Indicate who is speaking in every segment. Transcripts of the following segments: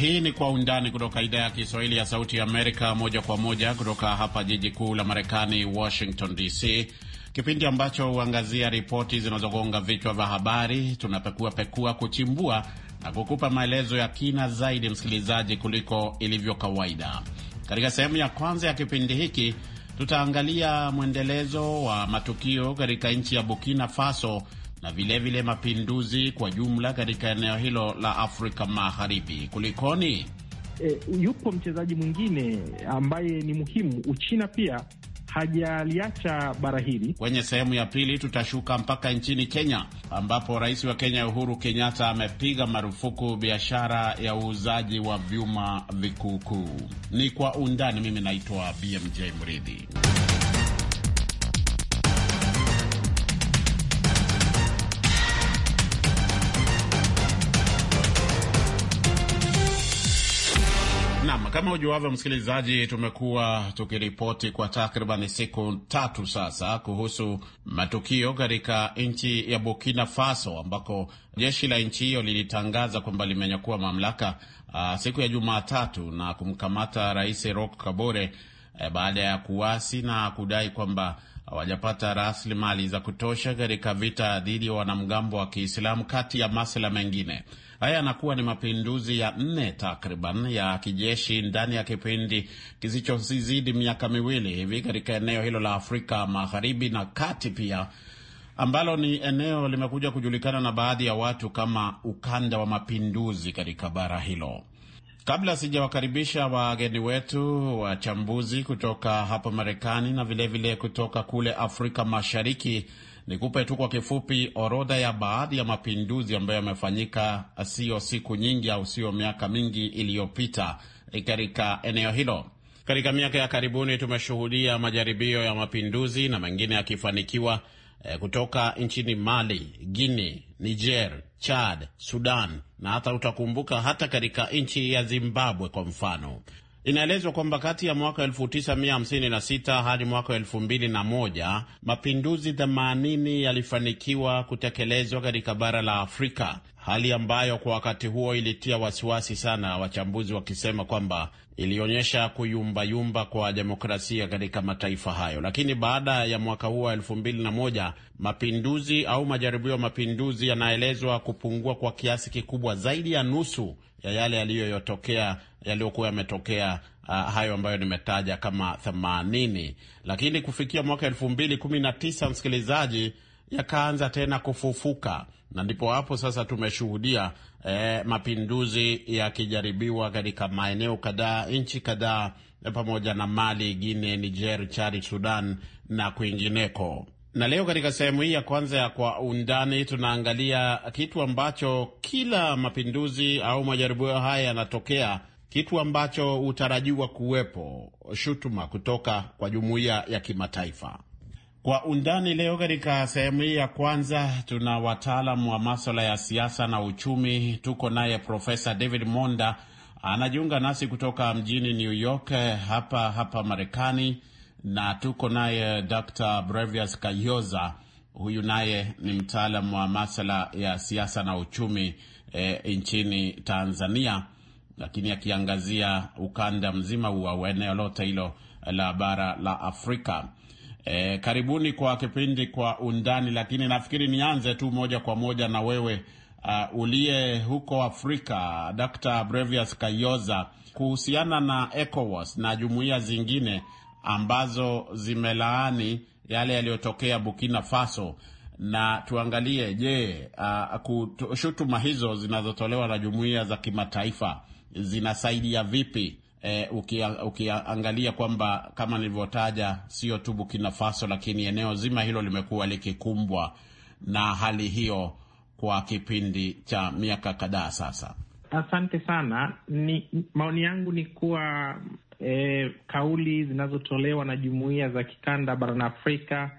Speaker 1: Hii ni Kwa Undani kutoka idhaa ya Kiswahili ya Sauti ya Amerika, moja kwa moja kutoka hapa jiji kuu la Marekani, Washington DC, kipindi ambacho huangazia ripoti zinazogonga vichwa vya habari. Tunapekua pekua, kuchimbua na kukupa maelezo ya kina zaidi, msikilizaji, kuliko ilivyo kawaida. Katika sehemu ya kwanza ya kipindi hiki tutaangalia mwendelezo wa matukio katika nchi ya Burkina Faso na vilevile vile mapinduzi kwa jumla katika eneo hilo la Afrika Magharibi. Kulikoni?
Speaker 2: E, yupo mchezaji mwingine ambaye ni muhimu, Uchina pia
Speaker 1: hajaliacha bara hili. Kwenye sehemu ya pili tutashuka mpaka nchini Kenya ambapo rais wa Kenya Uhuru Kenyatta amepiga marufuku biashara ya uuzaji wa vyuma vikuukuu. Ni kwa undani. Mimi naitwa BMJ Mridhi. Kama ujuavyo, msikilizaji, tumekuwa tukiripoti kwa takriban siku tatu sasa kuhusu matukio katika nchi ya Burkina Faso ambako jeshi la nchi hiyo lilitangaza kwamba limenyakua mamlaka uh, siku ya Jumatatu na kumkamata Rais Roch Kabore eh, baada ya kuasi na kudai kwamba hawajapata rasilimali za kutosha katika vita dhidi ya wanamgambo wa Kiislamu kati ya masuala mengine. Haya yanakuwa ni mapinduzi ya nne takriban ya kijeshi ndani ya kipindi kisichozidi miaka miwili hivi katika eneo hilo la Afrika Magharibi na Kati pia ambalo ni eneo limekuja kujulikana na baadhi ya watu kama ukanda wa mapinduzi katika bara hilo. Kabla sijawakaribisha wageni wetu wachambuzi kutoka hapa Marekani na vilevile vile kutoka kule Afrika Mashariki, nikupe tu kwa kifupi orodha ya baadhi ya mapinduzi ambayo yamefanyika siyo siku nyingi au siyo miaka mingi iliyopita eh, katika eneo hilo. Katika miaka ya karibuni tumeshuhudia majaribio ya mapinduzi na mengine yakifanikiwa eh, kutoka nchini Mali, Guinea, Niger, Chad, Sudan na hata utakumbuka hata katika nchi ya Zimbabwe kwa mfano. Inaelezwa kwamba kati ya mwaka 1956 hadi mwaka 2001 mapinduzi 80 yalifanikiwa kutekelezwa katika bara la Afrika hali ambayo kwa wakati huo ilitia wasiwasi sana, wachambuzi wakisema kwamba ilionyesha kuyumbayumba kwa demokrasia katika mataifa hayo. Lakini baada ya mwaka huo wa elfu mbili na moja, mapinduzi au majaribio ya mapinduzi yanaelezwa kupungua kwa kiasi kikubwa, zaidi ya nusu ya yale yaliyotokea yaliyokuwa yametokea Uh, hayo ambayo nimetaja kama themanini, lakini kufikia mwaka elfu mbili kumi na tisa msikilizaji, yakaanza tena kufufuka na ndipo hapo sasa tumeshuhudia eh, mapinduzi yakijaribiwa katika maeneo kadhaa, nchi kadhaa, eh, pamoja na Mali, guine Niger, chari Sudan na kwingineko. Na leo katika sehemu hii ya kwanza ya Kwa Undani tunaangalia kitu ambacho kila mapinduzi au majaribio haya yanatokea, kitu ambacho hutarajiwa kuwepo shutuma kutoka kwa jumuiya ya kimataifa. Kwa undani leo katika sehemu hii ya kwanza tuna wataalamu wa maswala ya siasa na uchumi. Tuko naye Profesa David Monda anajiunga nasi kutoka mjini New York hapa hapa Marekani, na tuko naye Dr. Brevius Kayoza, huyu naye ni mtaalamu wa maswala ya siasa na uchumi e, nchini Tanzania, lakini akiangazia ukanda mzima wa eneo lote hilo la bara la Afrika. E, karibuni kwa kipindi kwa undani, lakini nafikiri nianze tu moja kwa moja na wewe uh, uliye huko Afrika, Dr. Brevius Kayoza, kuhusiana na ECOWAS na jumuiya zingine ambazo zimelaani yale yaliyotokea Burkina Faso na tuangalie, je, uh, shutuma hizo zinazotolewa na jumuiya za kimataifa zinasaidia vipi eh, ukiangalia kwamba kama nilivyotaja, sio tu Burkina Faso, lakini eneo zima hilo limekuwa likikumbwa na hali hiyo kwa kipindi cha miaka kadhaa sasa.
Speaker 2: Asante sana. Ni maoni yangu ni kuwa e, kauli zinazotolewa na jumuiya za kikanda barani Afrika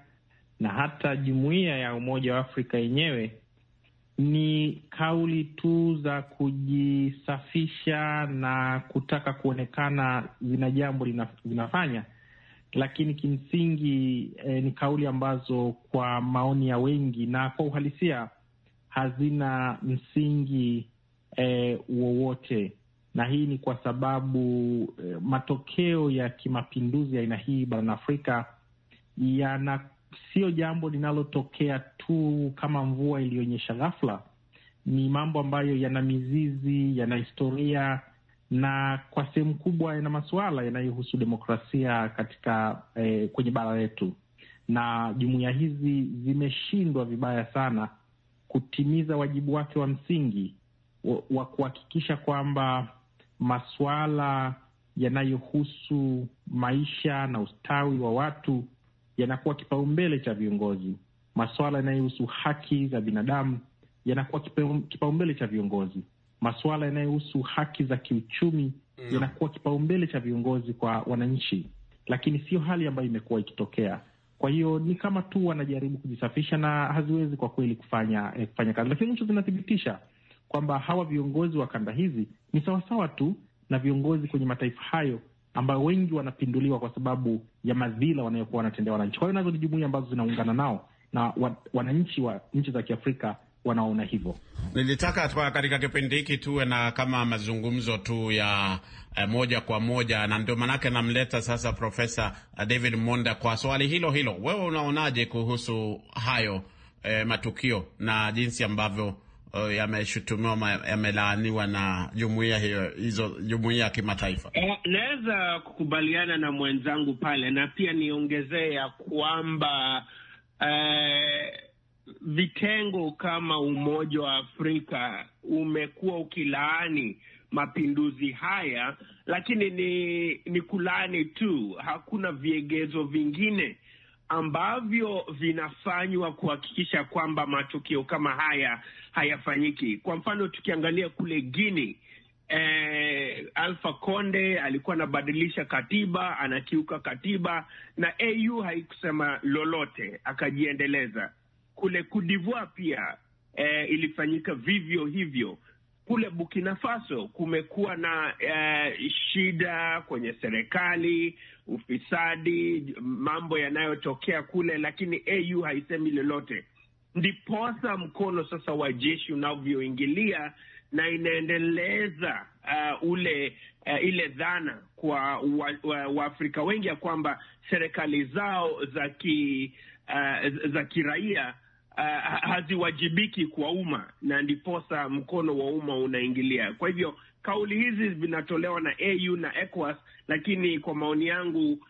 Speaker 2: na hata jumuiya ya Umoja wa Afrika yenyewe ni kauli tu za kujisafisha na kutaka kuonekana zina jambo zinafanya, lakini kimsingi eh, ni kauli ambazo kwa maoni ya wengi na kwa uhalisia hazina msingi eh, wowote, na hii ni kwa sababu eh, matokeo ya kimapinduzi ya aina hii barani Afrika yana sio jambo linalotokea tu kama mvua iliyoonyesha ghafla. Ni mambo ambayo yana mizizi, yana historia na kwa sehemu kubwa yana masuala yanayohusu demokrasia katika eh, kwenye bara letu, na jumuiya hizi zimeshindwa vibaya sana kutimiza wajibu wake wa msingi wa kuhakikisha kwamba masuala yanayohusu maisha na ustawi wa watu yanakuwa kipaumbele cha viongozi. Maswala yanayohusu haki za binadamu yanakuwa kipaumbele cha viongozi. Maswala yanayohusu haki za kiuchumi no. Mm. yanakuwa kipaumbele cha viongozi kwa wananchi, lakini sio hali ambayo imekuwa ikitokea. Kwa hiyo ni kama tu wanajaribu kujisafisha na haziwezi kwa kweli kufanya eh, kufanya kazi, lakini mwisho zinathibitisha kwamba hawa viongozi wa kanda hizi ni sawasawa tu na viongozi kwenye mataifa hayo ambayo wengi wanapinduliwa kwa sababu ya madhila wanayokuwa wanatendea wananchi. Kwa hiyo nazo ni jumuia ambazo zinaungana nao na wananchi wa nchi za Kiafrika wanaona hivyo.
Speaker 1: Nilitaka katika kipindi hiki tuwe na kama mazungumzo tu ya eh, moja kwa moja, na ndio maanake namleta sasa Profesa eh, David Monda kwa swali hilo hilo. Wewe unaonaje kuhusu hayo eh, matukio na jinsi ambavyo Oh, yameshutumiwa yamelaaniwa na jumuia hiyo hizo jumuia ya kimataifa.
Speaker 3: Eh, naweza kukubaliana na mwenzangu pale, na pia niongezee ya kwamba e, vitengo kama Umoja wa Afrika umekuwa ukilaani mapinduzi haya, lakini ni, ni kulaani tu, hakuna viegezo vingine ambavyo vinafanywa kuhakikisha kwamba matukio kama haya hayafanyiki. Kwa mfano tukiangalia kule Guini eh, Alfa Conde alikuwa anabadilisha katiba, anakiuka katiba na AU haikusema lolote, akajiendeleza. Kule Kudivoa pia eh, ilifanyika vivyo hivyo. Kule Burkina Faso kumekuwa na eh, shida kwenye serikali, ufisadi, mambo yanayotokea kule, lakini AU haisemi lolote ndiposa mkono sasa wa jeshi unavyoingilia na inaendeleza uh, ule uh, ile dhana kwa Waafrika wa, wa wengi ya kwamba serikali zao za ki, uh, za kiraia uh, haziwajibiki kwa umma na ndiposa mkono wa umma unaingilia. Kwa hivyo kauli hizi zinatolewa na AU na ECOWAS, lakini kwa maoni yangu uh,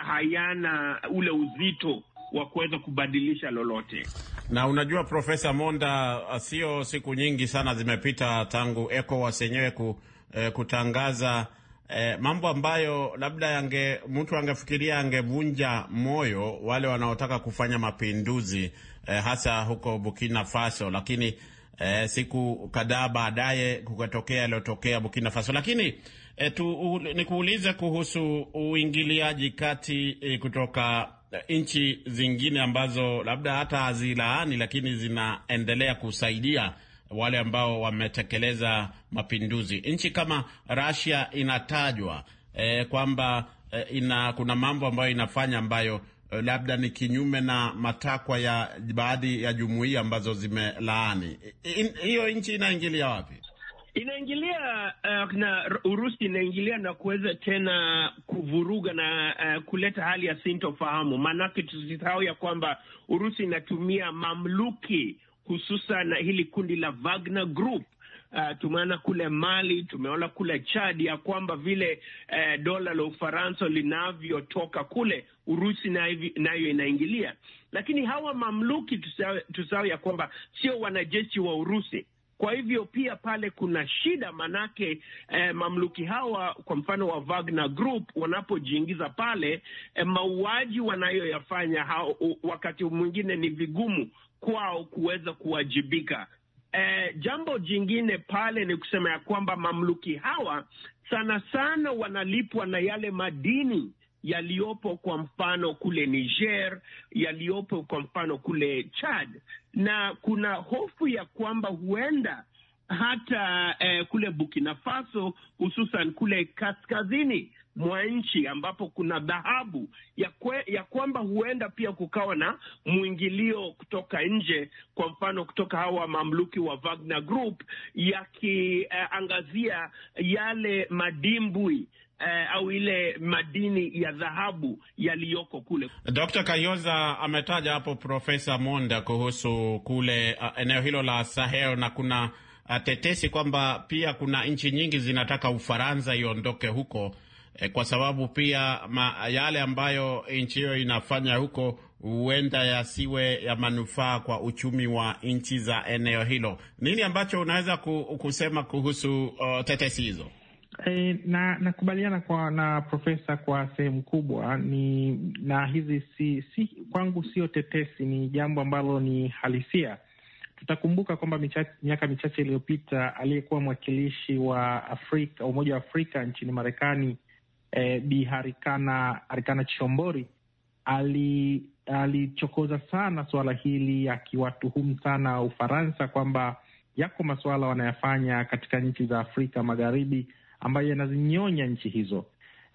Speaker 3: hayana ule uzito wa kuweza kubadilisha lolote.
Speaker 1: Na unajua, Profesa Monda, uh, sio siku nyingi sana zimepita tangu ECOWAS yenyewe ku, eh, kutangaza eh, mambo ambayo labda yange, mtu angefikiria angevunja moyo wale wanaotaka kufanya mapinduzi eh, hasa huko Burkina Faso, lakini eh, siku kadhaa baadaye kukatokea yaliyotokea Burkina Faso, lakini eh, tu, u, nikuulize kuhusu uingiliaji kati eh, kutoka nchi zingine ambazo labda hata hazilaani lakini zinaendelea kusaidia wale ambao wametekeleza mapinduzi. Nchi kama Russia inatajwa e, kwamba e, ina kuna mambo ambayo inafanya ambayo e, labda ni kinyume na matakwa ya baadhi ya jumuiya ambazo zimelaani. Hiyo nchi inaingilia wapi? inaingilia uh, eh, na Urusi inaingilia na
Speaker 3: kuweza tena kuvuruga na uh, kuleta hali ya sintofahamu. Maanake tusisahau ya kwamba Urusi inatumia mamluki hususan hili kundi la Wagner Group. Uh, tumeona kule Mali, tumeona kule Chad ya kwamba vile uh, dola la Ufaransa linavyotoka kule Urusi nayo inaingilia, lakini hawa mamluki tusahau ya kwamba sio wanajeshi wa Urusi kwa hivyo pia pale kuna shida manake, eh, mamluki hawa kwa mfano wa Wagner Group wanapojiingiza pale, eh, mauaji wanayoyafanya hao, wakati mwingine ni vigumu kwao kuweza kuwajibika. Eh, jambo jingine pale ni kusema ya kwamba mamluki hawa sana sana wanalipwa na yale madini yaliyopo kwa mfano kule Niger, yaliyopo kwa mfano kule Chad, na kuna hofu ya kwamba huenda hata eh, kule Burkina Faso hususan kule kaskazini mwa nchi ambapo kuna dhahabu ya, kwe, ya kwamba huenda pia kukawa na mwingilio kutoka nje, kwa mfano kutoka hawa mamluki wa Wagner Group yakiangazia eh, yale madimbwi eh, au ile madini ya dhahabu yaliyoko kule. Dr. Kayoza
Speaker 1: ametaja hapo Profesa Monda kuhusu kule uh, eneo hilo la Sahel na kuna uh, tetesi kwamba pia kuna nchi nyingi zinataka Ufaransa iondoke huko eh, kwa sababu pia ma, yale ambayo nchi hiyo inafanya huko huenda yasiwe ya manufaa kwa uchumi wa nchi za eneo hilo. Nini ambacho unaweza kusema kuhusu uh, tetesi hizo? E, na
Speaker 2: nakubaliana kwa na profesa kwa sehemu kubwa ni na hizi si, si kwangu sio tetesi, ni jambo ambalo ni halisia. Tutakumbuka kwamba miaka michache iliyopita aliyekuwa mwakilishi wa Afrika, Umoja wa Afrika nchini Marekani e, Bi Harikana, Harikana Chombori ali alichokoza sana suala hili akiwatuhumu sana Ufaransa kwamba yako masuala wanayafanya katika nchi za Afrika Magharibi ambayo yanazinyonya nchi hizo.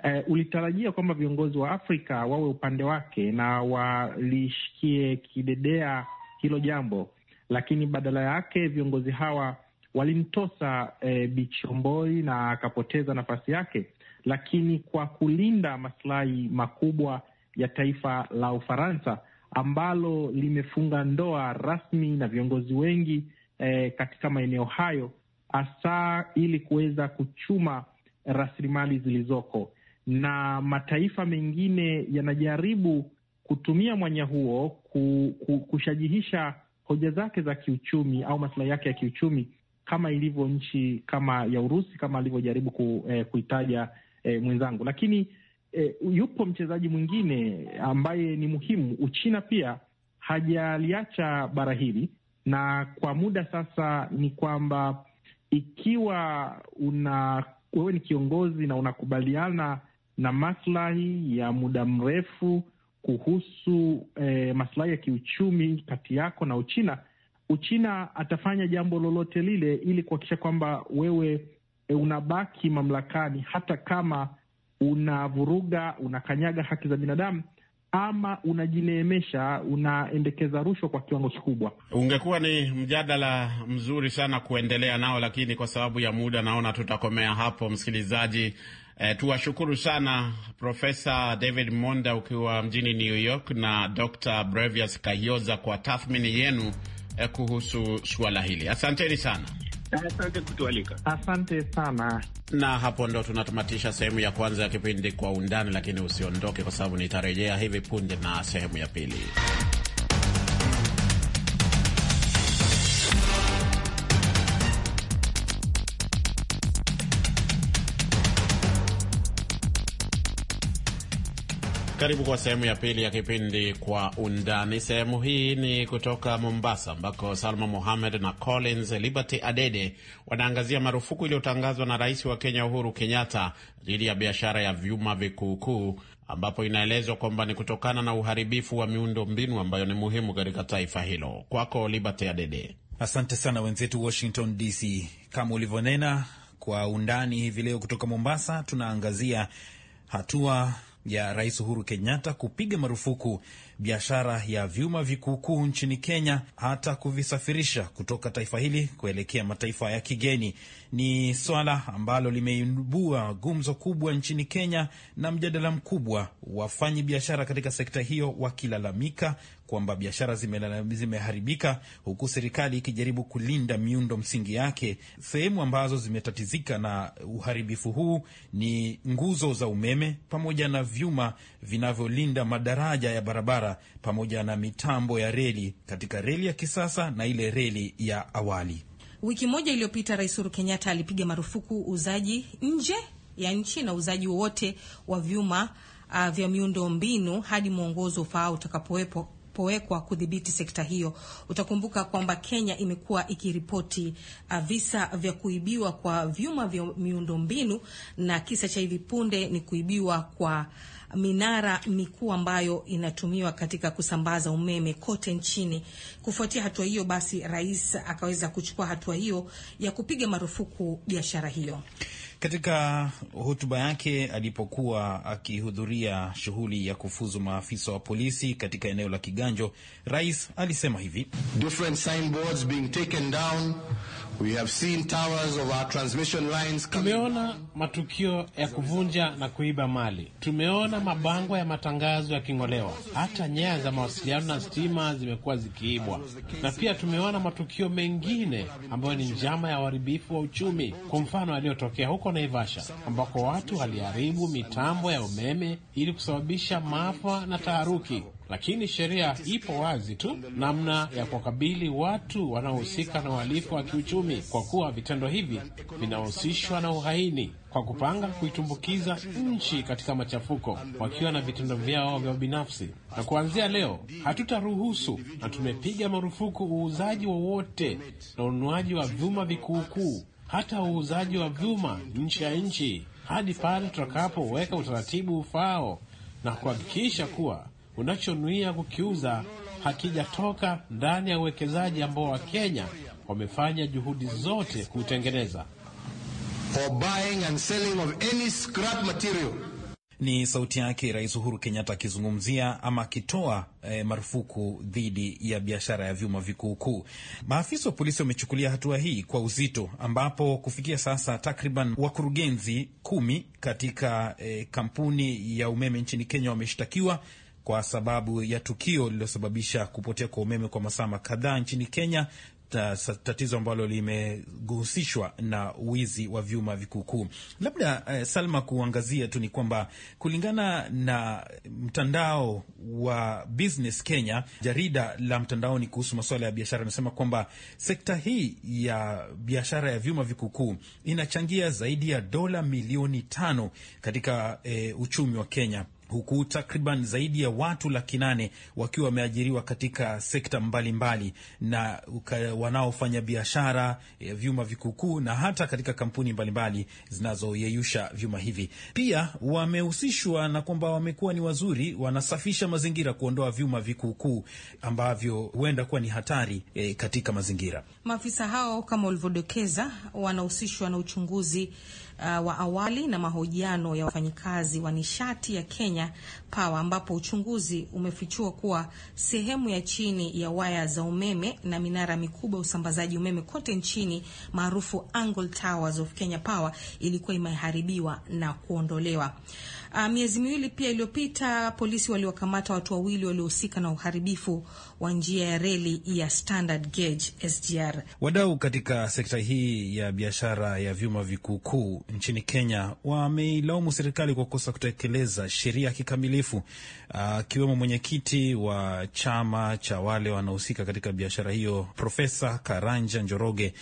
Speaker 2: Uh, ulitarajia kwamba viongozi wa Afrika wawe upande wake na walishikie kidedea hilo jambo, lakini badala yake viongozi hawa walimtosa eh, Bichomboi na akapoteza nafasi yake, lakini kwa kulinda masilahi makubwa ya taifa la Ufaransa ambalo limefunga ndoa rasmi na viongozi wengi eh, katika maeneo hayo hasa ili kuweza kuchuma rasilimali zilizoko, na mataifa mengine yanajaribu kutumia mwanya huo ku, ku, kushajihisha hoja zake za kiuchumi au masilahi yake ya kiuchumi kama ilivyo nchi kama ya Urusi kama alivyojaribu ku, eh, kuitaja eh, mwenzangu. Lakini eh, yupo mchezaji mwingine ambaye ni muhimu, Uchina pia hajaliacha bara hili, na kwa muda sasa ni kwamba ikiwa una wewe ni kiongozi na unakubaliana na maslahi ya muda mrefu kuhusu eh, maslahi ya kiuchumi kati yako na Uchina, Uchina atafanya jambo lolote lile ili kuhakikisha kwamba wewe eh, unabaki mamlakani, hata kama unavuruga, unakanyaga haki za binadamu, ama unajineemesha, unaendekeza rushwa kwa kiwango kikubwa.
Speaker 1: Ungekuwa ni mjadala mzuri sana kuendelea nao, lakini kwa sababu ya muda naona tutakomea hapo, msikilizaji. E, tuwashukuru sana Profesa David Monda ukiwa mjini New York na Dr. Brevius Kahioza kwa tathmini yenu e, kuhusu suala hili. Asanteni sana. Asante kutualika.
Speaker 2: Asante sana.
Speaker 1: Na hapo ndo tunatamatisha sehemu ya kwanza ya kipindi Kwa Undani, lakini usiondoke, kwa sababu nitarejea hivi punde na sehemu ya pili. Karibu kwa sehemu ya pili ya kipindi Kwa Undani. Sehemu hii ni kutoka Mombasa, ambako Salma Mohamed na Collins Liberty Adede wanaangazia marufuku iliyotangazwa na Rais wa Kenya Uhuru Kenyatta dhidi ya biashara ya vyuma vikuukuu, ambapo inaelezwa kwamba ni kutokana na uharibifu wa miundo mbinu ambayo ni muhimu katika taifa hilo. Kwako Liberty Adede.
Speaker 4: Asante sana wenzetu Washington DC. Kama ulivyonena, Kwa Undani hivi leo kutoka Mombasa tunaangazia hatua ya Rais Uhuru Kenyatta kupiga marufuku biashara ya vyuma vikuukuu nchini Kenya, hata kuvisafirisha kutoka taifa hili kuelekea mataifa ya kigeni. Ni swala ambalo limeibua gumzo kubwa nchini Kenya na mjadala mkubwa, wafanyi biashara katika sekta hiyo wakilalamika kwamba biashara zimeharibika zime, huku serikali ikijaribu kulinda miundo msingi yake. Sehemu ambazo zimetatizika na uharibifu huu ni nguzo za umeme pamoja na vyuma vinavyolinda madaraja ya barabara pamoja na mitambo ya reli katika reli ya kisasa na ile reli ya awali.
Speaker 5: Wiki moja iliyopita, Rais Uhuru Kenyatta alipiga marufuku uuzaji nje ya nchi na uuzaji wowote wa vyuma uh, vya miundo mbinu hadi mwongozo ufaao utakapowepo yalipowekwa kudhibiti sekta hiyo. Utakumbuka kwamba Kenya imekuwa ikiripoti uh, visa vya kuibiwa kwa vyuma vya miundombinu na kisa cha hivi punde ni kuibiwa kwa minara mikuu ambayo inatumiwa katika kusambaza umeme kote nchini. Kufuatia hatua hiyo, basi rais akaweza kuchukua hatua hiyo ya kupiga marufuku biashara hiyo.
Speaker 4: Katika hotuba yake alipokuwa akihudhuria shughuli ya kufuzu maafisa wa polisi katika eneo la
Speaker 6: Kiganjo, rais alisema hivi: Different signboards being taken down Tumeona matukio ya kuvunja na kuiba mali, tumeona mabango ya matangazo yaking'olewa, hata nyaya za mawasiliano na stima zimekuwa zikiibwa, na pia tumeona matukio mengine ambayo ni njama ya uharibifu wa uchumi, kwa mfano yaliyotokea huko Naivasha ambako watu waliharibu mitambo ya umeme ili kusababisha maafa na taharuki lakini sheria ipo wazi tu namna ya kuwakabili watu wanaohusika na uhalifu wa kiuchumi, kwa kuwa vitendo hivi vinahusishwa na uhaini kwa kupanga kuitumbukiza nchi katika machafuko wakiwa na vitendo vyao vya ubinafsi. Na kuanzia leo hatutaruhusu, na tumepiga marufuku uuzaji wowote na ununuaji wa vyuma vikuukuu, hata uuzaji wa vyuma nchi ya nchi, hadi pale tutakapoweka utaratibu ufao na kuhakikisha kuwa unachonuia kukiuza hakijatoka ndani ya uwekezaji ambao Wakenya wamefanya juhudi zote kuutengeneza.
Speaker 4: Ni sauti yake Rais Uhuru Kenyatta akizungumzia ama akitoa eh, marufuku dhidi ya biashara ya vyuma vikuukuu. Maafisa wa polisi wamechukulia hatua hii kwa uzito, ambapo kufikia sasa takriban wakurugenzi kumi katika eh, kampuni ya umeme nchini Kenya wameshtakiwa kwa sababu ya tukio lililosababisha kupotea kwa umeme kwa masaa kadhaa nchini Kenya, tatizo ambalo limehusishwa na wizi wa vyuma vikuukuu. Labda eh, Salma, kuangazia tu ni kwamba kulingana na mtandao wa Business Kenya, jarida la mtandaoni kuhusu masuala ya biashara, anasema kwamba sekta hii ya biashara ya vyuma vikuukuu inachangia zaidi ya dola milioni tano katika eh, uchumi wa Kenya huku takriban zaidi ya watu laki nane wakiwa wameajiriwa katika sekta mbalimbali mbali, na wanaofanya biashara ya vyuma vikukuu na hata katika kampuni mbalimbali zinazoyeyusha vyuma hivi. Pia wamehusishwa na kwamba wamekuwa ni wazuri, wanasafisha mazingira, kuondoa vyuma vikukuu ambavyo huenda kuwa ni hatari e, katika mazingira.
Speaker 5: Maafisa hao kama ulivyodokeza, wanahusishwa na uchunguzi uh, wa awali na mahojiano ya wafanyikazi wa nishati ya Kenya Power, ambapo uchunguzi umefichua kuwa sehemu ya chini ya waya za umeme na minara mikubwa ya usambazaji umeme kote nchini maarufu Angle Towers of Kenya Power ilikuwa imeharibiwa na kuondolewa. Uh, miezi miwili pia iliyopita polisi waliwakamata watu wawili waliohusika na uharibifu wa njia ya reli ya Standard Gauge SGR.
Speaker 4: Wadau katika sekta hii ya biashara ya vyuma vikuukuu nchini Kenya wameilaumu serikali kwa kukosa kutekeleza sheria kikamilifu, akiwemo uh, mwenyekiti wa chama cha wale wanaohusika katika biashara hiyo Profesa Karanja Njoroge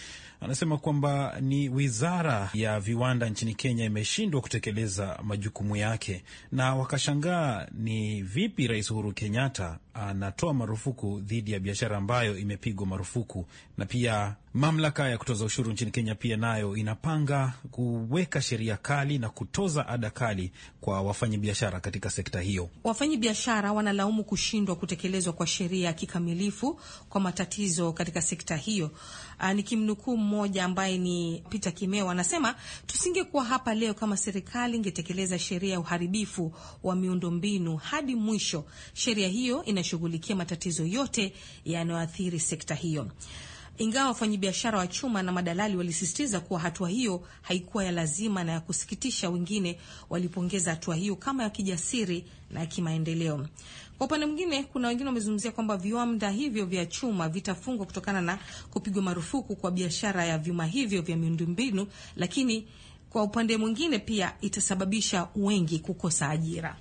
Speaker 4: anasema kwamba ni wizara ya viwanda nchini Kenya imeshindwa kutekeleza majukumu yake, na wakashangaa ni vipi Rais Uhuru Kenyatta anatoa marufuku dhidi ya biashara ambayo imepigwa marufuku na pia Mamlaka ya kutoza ushuru nchini Kenya pia nayo inapanga kuweka sheria kali na kutoza ada kali kwa wafanyabiashara katika sekta hiyo.
Speaker 5: Wafanyabiashara wanalaumu kushindwa kutekelezwa kwa sheria kikamilifu kwa matatizo katika sekta hiyo. Ah, nikimnukuu mmoja ambaye ni Peter Kimeo, anasema tusingekuwa hapa leo kama serikali ingetekeleza sheria ya uharibifu wa miundombinu hadi mwisho. Sheria hiyo inashughulikia matatizo yote yanayoathiri sekta hiyo ingawa wafanyabiashara wa chuma na madalali walisisitiza kuwa hatua hiyo haikuwa ya lazima na ya kusikitisha, wengine walipongeza hatua hiyo kama ya kijasiri na ya kimaendeleo. Kwa upande mwingine, kuna wengine wamezungumzia kwamba viwanda hivyo vya chuma vitafungwa kutokana na kupigwa marufuku kwa biashara ya vyuma hivyo vya miundombinu, lakini kwa upande mwingine pia itasababisha wengi kukosa ajira.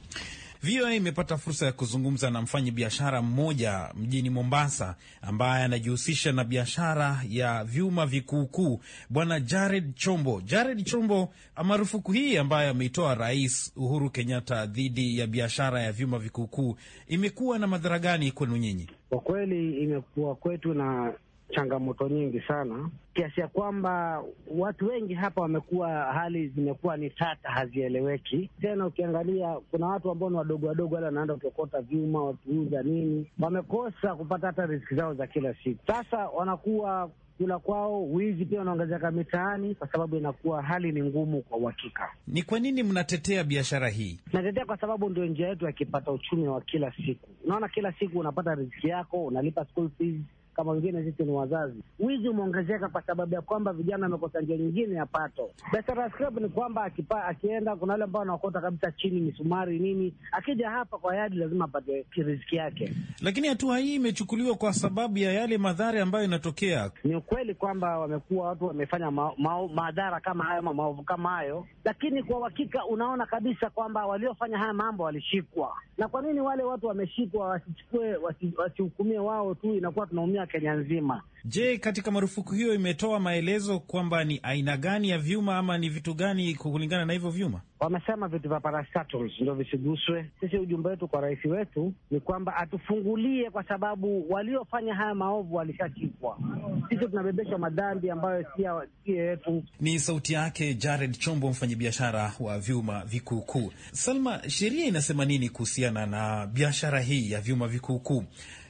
Speaker 4: VOA imepata fursa ya kuzungumza na mfanyi biashara mmoja mjini Mombasa ambaye anajihusisha na biashara ya vyuma vikuukuu, Bwana Jared Chombo. Jared Chombo, marufuku hii ambayo ameitoa Rais Uhuru Kenyatta dhidi ya biashara ya vyuma vikuukuu imekuwa na madhara gani kwenu nyinyi?
Speaker 7: Kwa kweli imekuwa kwetu na changamoto nyingi sana kiasi ya kwamba watu wengi hapa wamekuwa, hali zimekuwa ni tata, hazieleweki tena. Ukiangalia kuna watu ambao ni wadogo wadogo, wale wanaenda kuokota vyuma wakiuza nini, wamekosa kupata hata riziki zao za kila siku. Sasa wanakuwa kula kwao, wizi pia unaongezeka mitaani, kwa sababu inakuwa hali ni ngumu. Kwa uhakika,
Speaker 4: ni kwa nini mnatetea biashara hii?
Speaker 7: Natetea kwa sababu ndio njia yetu ya kipata uchumi wa kila siku. Unaona, kila siku unapata riziki yako, unalipa school fees kama wengine sisi ni wazazi. Wizi umeongezeka kwa sababu ya kwamba vijana wamekosa njia nyingine ya pato. Biashara scrap ni kwamba akipa, akienda kuna wale ambao wanaokota kabisa chini misumari nini, akija hapa kwa yadi lazima apate kiriziki yake.
Speaker 4: Lakini hatua hii imechukuliwa kwa sababu ya yale madhara ambayo inatokea.
Speaker 7: Ni ukweli kwamba wamekuwa watu wamefanya madhara kama hayo, maovu kama hayo, lakini kwa uhakika unaona kabisa kwamba waliofanya haya mambo walishikwa. Na kwa nini wale watu wameshikwa wasichukue, wasihukumie wao tu, inakuwa tunaumia na Kenya nzima.
Speaker 4: Je, katika marufuku hiyo imetoa maelezo kwamba ni aina gani ya vyuma ama ni vitu gani kulingana na hivyo vyuma?
Speaker 7: Wamesema vitu vya parastatals ndio visiguswe. Sisi ujumbe wetu kwa rais wetu ni kwamba atufungulie, kwa sababu waliofanya haya maovu walishachikwa. Sisi tunabebeshwa madhambi ambayo si yetu.
Speaker 4: Ni sauti yake Jared Chombo, mfanyabiashara wa vyuma vikuukuu. Salma, sheria inasema nini kuhusiana na biashara hii ya vyuma vikuukuu?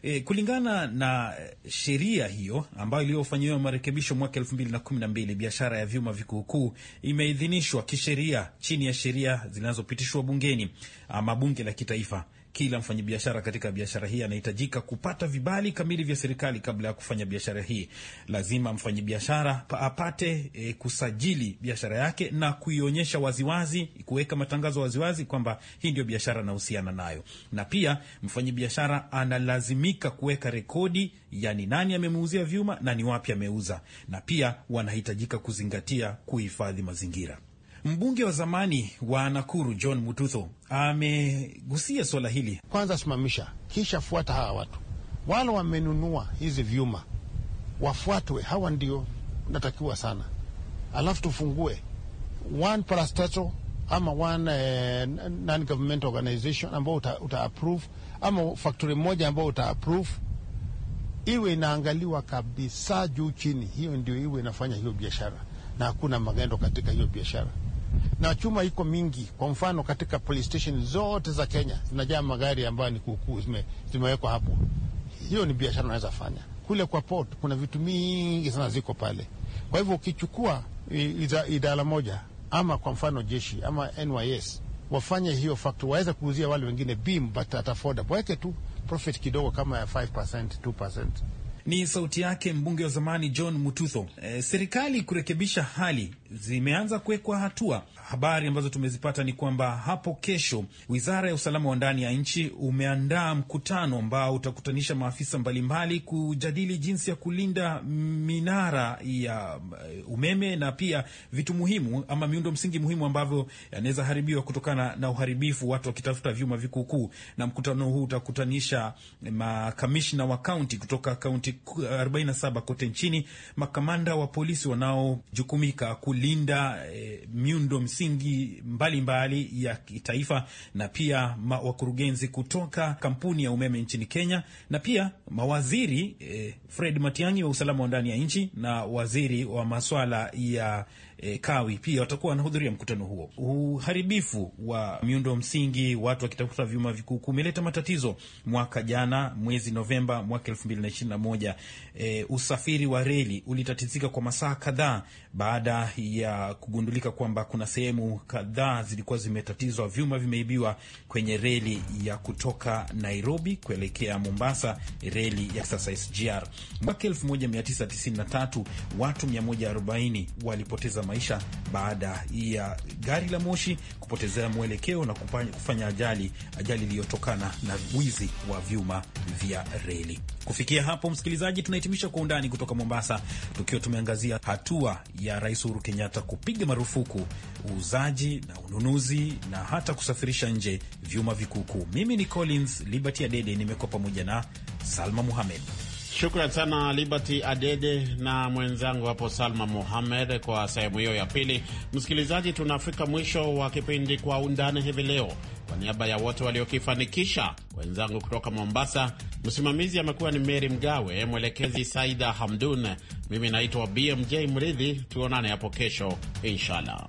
Speaker 4: E, kulingana na eh, sheria hiyo ambayo iliyofanyiwa marekebisho mwaka elfu mbili na kumi na mbili, biashara ya vyuma vikuukuu imeidhinishwa kisheria chini ya sheria zinazopitishwa bungeni ama bunge la kitaifa. Kila mfanyabiashara katika biashara hii anahitajika kupata vibali kamili vya serikali kabla ya kufanya biashara hii. Lazima mfanyabiashara apate e, kusajili biashara yake na kuionyesha waziwazi, kuweka matangazo waziwazi kwamba hii ndio biashara anahusiana nayo, na pia mfanyabiashara analazimika kuweka rekodi, yani nani amemuuzia vyuma na ni wapi ameuza, na pia wanahitajika kuzingatia kuhifadhi mazingira. Mbunge wa zamani wa Nakuru John Mututho amegusia swala hili. Kwanza simamisha, kisha fuata hawa watu wale wamenunua hizi vyuma, wafuatwe. Hawa ndio natakiwa sana, alafu tufungue one parastatal ama one eh, non-government organization ambao uta, uta approve ama factory moja ambao uta approve iwe inaangaliwa kabisa juu chini. Hiyo ndio iwe inafanya hiyo biashara, na hakuna magendo katika hiyo biashara na chuma iko mingi. Kwa mfano katika police station zote za Kenya zinajaa magari ambayo ni kuukuu zimewekwa hapo. Hiyo ni biashara unaweza fanya kule kwa port. Kuna vitu mingi sana ziko pale. Kwa hivyo ukichukua idara moja ama kwa mfano jeshi ama NYS wafanye hiyo factory, waweza kuuzia wale wengine beam but at affordable, waweke tu profit kidogo kama ya 5%, 2%. Ni sauti yake mbunge wa zamani John Mututho. E, serikali kurekebisha hali zimeanza kuwekwa hatua. Habari ambazo tumezipata ni kwamba hapo kesho wizara ya usalama wa ndani ya nchi umeandaa mkutano ambao utakutanisha maafisa mbalimbali kujadili jinsi ya kulinda minara ya eh, umeme na pia vitu muhimu ama miundo msingi muhimu ambavyo yanaweza haribiwa kutokana na uharibifu, watu wakitafuta vyuma vikuukuu. Na mkutano huu utakutanisha makamishna wa kaunti kutoka kaunti 47 eh, kote nchini, makamanda wa polisi wanaojukumika kulinda e, miundo msingi mbalimbali mbali ya kitaifa na pia ma, wakurugenzi kutoka kampuni ya umeme nchini Kenya na pia mawaziri e, Fred Matiang'i wa usalama wa ndani ya nchi na waziri wa maswala ya e, Kawi pia watakuwa wanahudhuria mkutano huo. Uharibifu wa miundo msingi, watu wakitafuta vyuma vikuu kumeleta matatizo mwaka jana mwezi Novemba mwaka elfu mbili na ishirini na moja. E, usafiri wa reli ulitatizika kwa masaa kadhaa baada ya kugundulika kwamba kuna sehemu kadhaa zilikuwa zimetatizwa, vyuma vimeibiwa kwenye reli ya kutoka Nairobi kuelekea Mombasa, reli ya sasa SGR. Mwaka 1993 watu 140 walipoteza maisha baada ya gari la moshi kupotezea mwelekeo na kufanya ajali, ajali iliyotokana na wizi wa vyuma vya reli. Kufikia hapo, msikilizaji, tunahitimisha Kwa Undani kutoka Mombasa, tukiwa tumeangazia hatua ya Rais Uhuru Kenyatta kupiga marufuku uuzaji na ununuzi na hata kusafirisha nje vyuma vikuukuu. Mimi ni Collins Liberty Adede, nimekuwa pamoja na
Speaker 1: Salma Muhamed. Shukran sana Liberty Adede na mwenzangu hapo Salma Mohamed kwa sehemu hiyo ya pili. Msikilizaji, tunafika mwisho wa kipindi Kwa Undani hivi leo. Kwa niaba ya wote waliokifanikisha, wenzangu kutoka Mombasa, msimamizi amekuwa ni Meri Mgawe, mwelekezi Saida Hamdun, mimi naitwa BMJ Mridhi. Tuonane hapo kesho inshallah.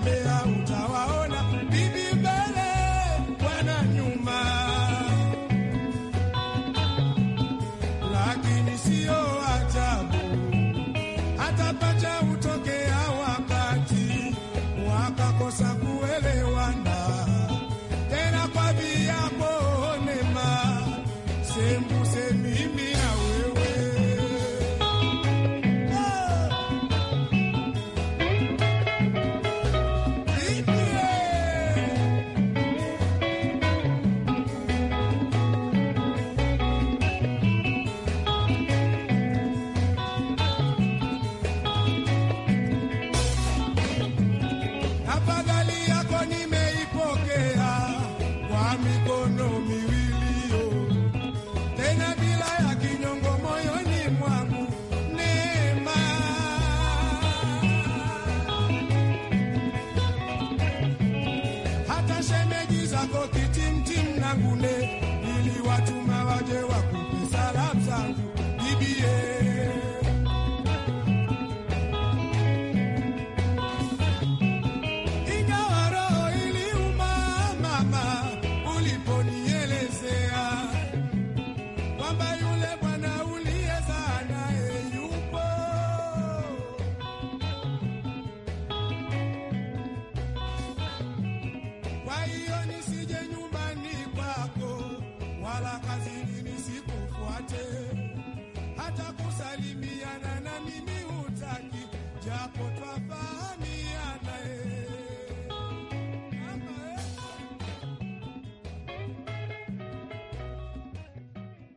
Speaker 8: me out.